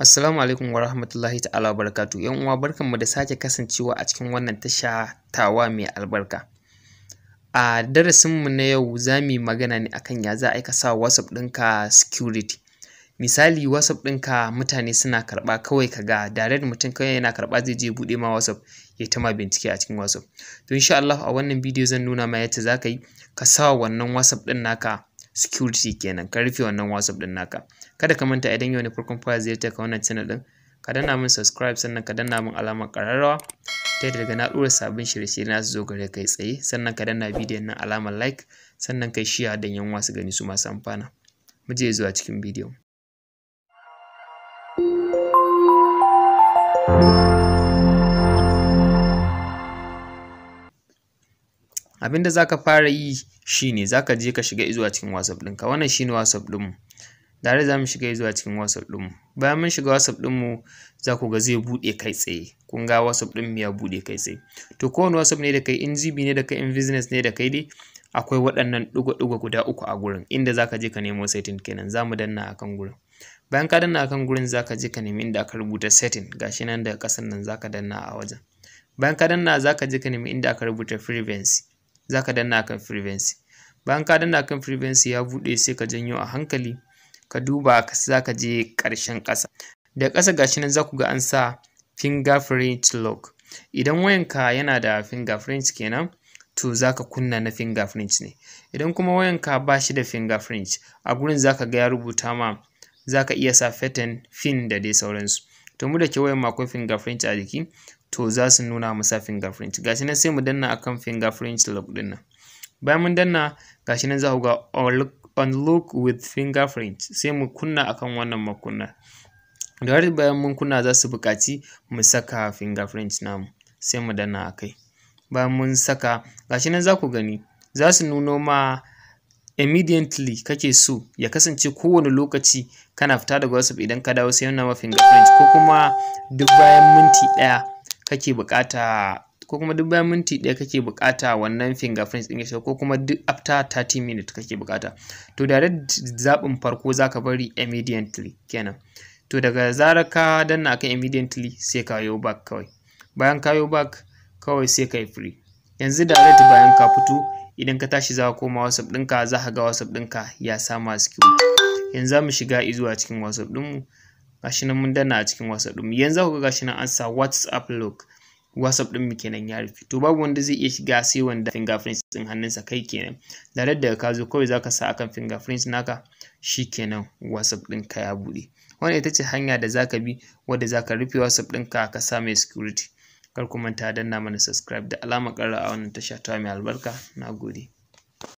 Assalamu alaikum wa rahmatullahi ta'ala barkatu. ‘yan uwa barkanmu da sake kasancewa a cikin wannan tasha tawa mai albarka. A darasinmu na yau za mu yi magana ne akan ya za a ka sa WhatsApp ɗinka security. Misali WhatsApp ɗinka mutane suna karɓa kawai ka ga direct mutum kawai yana karɓa zai je buɗe ma WhatsApp ya ta ma bincike a cikin WhatsApp. To insha Allah a wannan bidiyo zan nuna ma yadda za ka yi ka sa wannan WhatsApp ɗin naka security kenan ka rufe wannan WhatsApp ɗin naka. kada ka manta idan yau ne farkon fara ziyartar ka wannan channel din ka danna min subscribe sannan ka danna min alamar kararrawa ta daga na ɗora sabbin shirye-shirye na su zo gare kai tsaye sannan ka danna bidiyon nan alamar like sannan kai shiya don yan wasu gani su masu amfana mu je zuwa cikin bidiyon abinda zaka fara yi shine zaka je ka shiga izuwa cikin WhatsApp ɗinka wannan shine WhatsApp ɗinmu dare za mu shiga zuwa cikin whatsapp ɗinmu bayan mun shiga whatsapp ɗinmu za ku ga zai buɗe kai tsaye kun ga whatsapp ɗin ya buɗe kai tsaye to kowane whatsapp ne da kai in gb ne da kai in business ne da kai dai akwai waɗannan ɗigo-ɗigo guda uku a gurin inda za ka je ka nemo setting kenan za mu danna a kan gurin bayan ka danna a kan gurin za ka je ka nemi inda aka rubuta setting gashi nan daga ƙasan nan za ka danna a wajen bayan ka danna za ka je ka nemi inda aka rubuta frequency za ka danna a kan frequency bayan ka danna a kan frequency ya buɗe sai ka janyo a hankali ka duba za ka je ƙarshen ƙasa da ƙasa gashi nan za ku ga an sa fingerprint lock idan wayanka yana da fingerprint kenan to za ka kunna na fingerprint ne idan kuma wayanka ba shi da fingerprint a gurin za ka ga ya rubuta ma za ka iya sa fetin fin da dai sauransu to mu da ke wayan ma akwai fingerprint a jiki to za su nuna mu sa fingerprint gashi nan sai mu danna akan fingerprint lock ɗin nan bayan mun danna gashi nan za ku ga all look with fingerprint sai mu kunna akan wannan makunna da bayan mun kunna za su buƙaci mu saka fingerprint namu sai mu dana a kai bayan mun saka gashi nan za ku gani za su nuno ma immediately kake so ya kasance kowane lokaci kana fita daga WhatsApp idan ka dawo sai nuna ma fingerprint ko kuma duk bayan minti ɗaya kake buƙata ko kuma duk bayan minti ɗaya kake buƙata wannan fingerprints ɗin ya shiga ko kuma duk after 30 minutes kake buƙata to direct zaɓin farko zaka bari immediately kenan to daga zarar ka danna akan immediately sai ka yo back kawai bayan ka yo back kawai sai ka yi free yanzu direct bayan ka fito idan ka tashi za ka koma whatsapp ɗinka za ka ga whatsapp ɗinka ya sama security yanzu za mu shiga izuwa cikin whatsapp ɗinmu gashi nan mun danna a cikin whatsapp ɗinmu yanzu za ku ga gashi nan an sa whatsapp lock WhatsApp ɗin mu kenan ya rufe to babu wanda zai iya shiga sai wanda fingerprints ɗin hannunsa kai kenan da daga ka zo kawai zaka sa akan fingerprints naka kenan WhatsApp ɗin ka ya buɗe wannan ita ce hanya da zaka bi wadda zaka rufe WhatsApp din ka ka sa mai security kar ku manta danna mana subscribe da alamar ƙarra a wannan tasha ta mai albarka nagode